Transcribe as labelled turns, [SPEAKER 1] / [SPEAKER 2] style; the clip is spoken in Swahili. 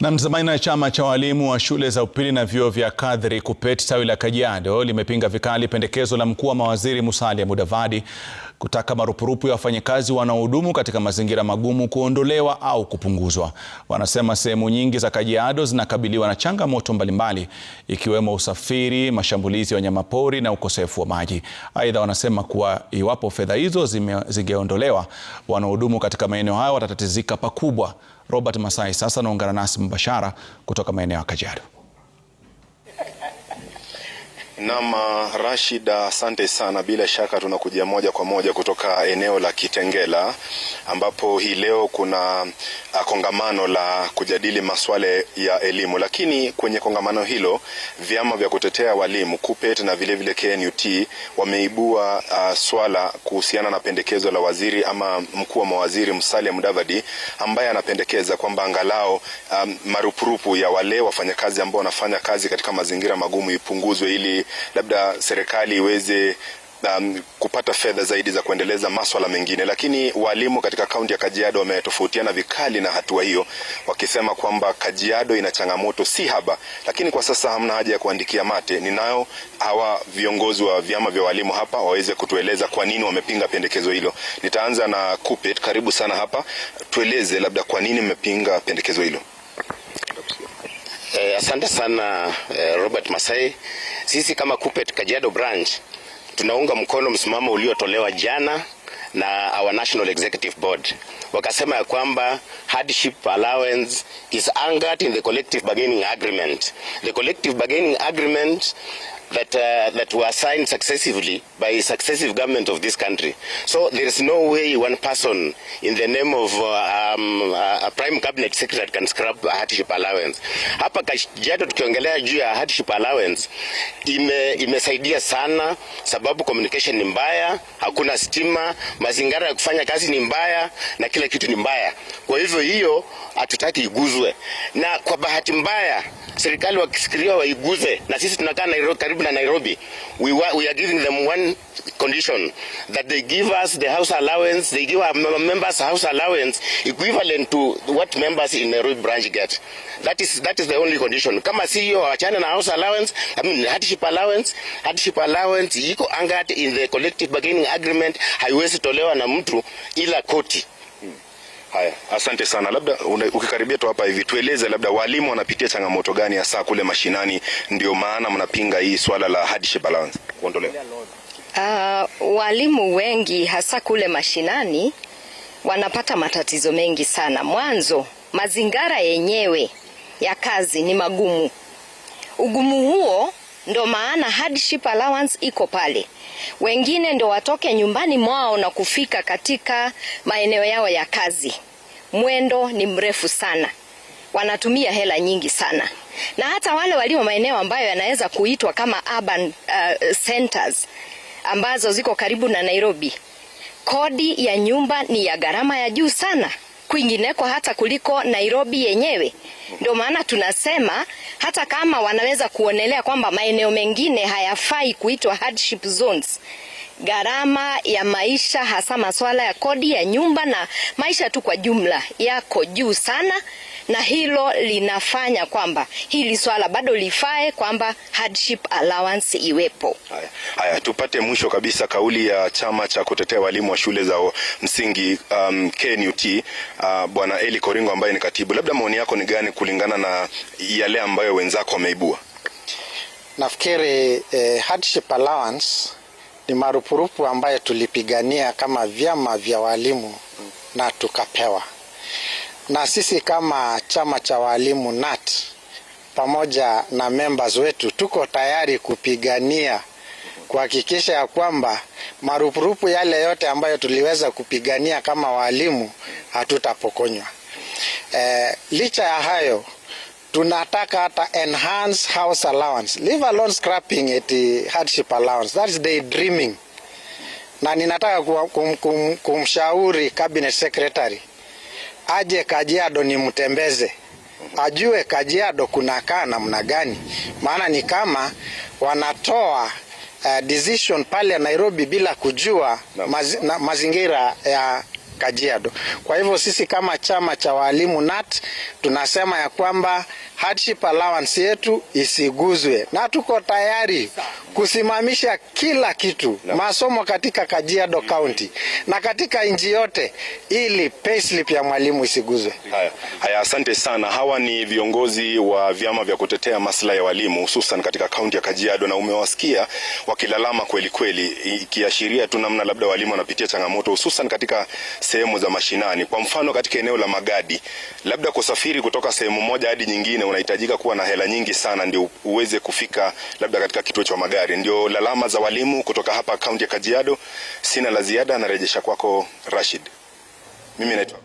[SPEAKER 1] Na mtazamaji, na chama cha walimu wa shule za upili na vyuo vya kadhri KUPPET tawi la Kajiado limepinga vikali pendekezo la mkuu wa mawaziri Musalia Mudavadi kutaka marupurupu ya wafanyakazi wanaohudumu katika mazingira magumu kuondolewa au kupunguzwa. Wanasema sehemu nyingi za Kajiado zinakabiliwa na changamoto mbalimbali ikiwemo usafiri, mashambulizi ya wanyamapori na ukosefu wa maji. Aidha, wanasema kuwa iwapo fedha hizo zingeondolewa, wanaohudumu katika maeneo hayo watatatizika pakubwa. Robert Masai sasa anaungana nasi mbashara kutoka maeneo ya Kajiado.
[SPEAKER 2] Naam, uh, Rashida, asante sana. Bila shaka tunakuja moja kwa moja kutoka eneo la Kitengela ambapo hii leo kuna uh, kongamano la kujadili masuala ya elimu, lakini kwenye kongamano hilo vyama vya kutetea walimu KUPPET na vilevile vile KNUT wameibua uh, swala kuhusiana na pendekezo la waziri ama mkuu wa mawaziri Musalia Mudavadi ambaye anapendekeza kwamba angalau um, marupurupu ya wale wafanyakazi ambao wanafanya kazi katika mazingira magumu ipunguzwe ili labda serikali iweze Um, kupata fedha zaidi za kuendeleza maswala mengine, lakini walimu katika kaunti ya Kajiado wametofautiana vikali na hatua hiyo, wakisema kwamba Kajiado ina changamoto si haba, lakini kwa sasa hamna haja ya kuandikia mate. Ninao hawa viongozi wa vyama vya walimu hapa waweze kutueleza kwa nini wamepinga pendekezo hilo. Nitaanza na Kupet, karibu sana hapa, tueleze labda kwa nini mmepinga pendekezo hilo.
[SPEAKER 3] Eh, asante sana eh, Robert Masai. Sisi kama Kupet Kajiado branch tunaunga mkono msimamo uliotolewa jana na our National Executive Board wakasema ya kwamba hardship allowance is anchored in the collective bargaining agreement. The collective bargaining agreement that, uh, that were signed successively by successive government of this country. So there is no way one person in the name of uh, um, uh, a prime cabinet secretary can scrub a hardship allowance. Hapa Kajiado tukiongelea juu ya hardship allowance ime, imesaidia sana sababu communication ni mbaya, hakuna stima, mazingira ya kufanya kazi ni mbaya na kila kitu ni mbaya. Kwa hivyo hiyo hatutaki iguzwe. Na kwa bahati mbaya serikali wakifikiria waiguze na sisi tunakaa Nairobi karibu na Nairobi, we, wa, we are giving them one condition that they give us the house allowance, they give our members house allowance equivalent to what members in Nairobi branch get. That is, that is the only condition. Kama CEO hiyo wachana na house allowance, I mean hardship allowance, hardship allowance iko angat in the collective bargaining agreement, haiwezi tolewa na mtu ila koti.
[SPEAKER 1] Haya, asante sana. Labda ukikaribia tu hapa hivi, tueleze labda walimu wanapitia changamoto gani hasa kule mashinani, ndio maana mnapinga hii swala la hardship allowance kuondolewa?
[SPEAKER 4] Uh, walimu wengi hasa kule mashinani wanapata matatizo mengi sana. Mwanzo, mazingira yenyewe ya kazi ni magumu. Ugumu huo Ndo maana hardship allowance iko pale. Wengine ndo watoke nyumbani mwao na kufika katika maeneo yao ya kazi, mwendo ni mrefu sana, wanatumia hela nyingi sana, na hata wale walio maeneo ambayo yanaweza kuitwa kama urban uh, centers ambazo ziko karibu na Nairobi, kodi ya nyumba ni ya gharama ya juu sana kwingineko hata kuliko Nairobi yenyewe. Ndio maana tunasema hata kama wanaweza kuonelea kwamba maeneo mengine hayafai kuitwa hardship zones gharama ya maisha, hasa masuala ya kodi ya nyumba na maisha tu kwa jumla yako juu sana, na hilo linafanya kwamba hili swala bado lifae kwamba hardship allowance iwepo. Haya,
[SPEAKER 1] haya tupate mwisho kabisa kauli ya chama cha kutetea walimu wa shule za msingi um, KNUT uh, Bwana Eli Koringo ambaye ni katibu, labda maoni yako ni gani kulingana na yale ambayo wenzako wameibua?
[SPEAKER 5] Nafikiri eh, hardship allowance ni marupurupu ambayo tulipigania kama vyama vya walimu na tukapewa. Na sisi kama chama cha walimu NAT pamoja na members wetu tuko tayari kupigania kuhakikisha ya kwamba marupurupu yale yote ambayo tuliweza kupigania kama walimu hatutapokonywa. E, licha ya hayo tunataka hata enhance house allowance, leave alone scrapping at hardship allowance, that is day dreaming. Na ninataka kum, kum, kumshauri cabinet secretary aje Kajiado nimtembeze ajue Kajiado kunakaa namna gani, maana ni kama wanatoa uh, decision pale Nairobi bila kujua mazi, na, mazingira ya Kajiado. Kwa hivyo sisi kama chama cha walimu NAT tunasema ya kwamba hardship allowance yetu isiguzwe na tuko tayari kusimamisha kila kitu no. masomo katika Kajiado mm. County na katika nchi yote ili payslip ya mwalimu isiguzwe. Haya,
[SPEAKER 1] haya, asante sana. Hawa ni viongozi wa vyama vya kutetea maslahi ya walimu hususan katika kaunti ya Kajiado, na umewasikia wakilalama kweli kweli, ikiashiria tu namna labda walimu wanapitia changamoto hususan katika sehemu za mashinani. Kwa mfano katika eneo la Magadi, labda kusafiri kutoka sehemu moja hadi nyingine unahitajika kuwa na hela nyingi sana ndio uweze kufika labda katika kituo cha Magadi tayari. Ndio lalama za walimu kutoka hapa kaunti ya Kajiado. Sina la ziada, narejesha kwako Rashid. Mimi naitwa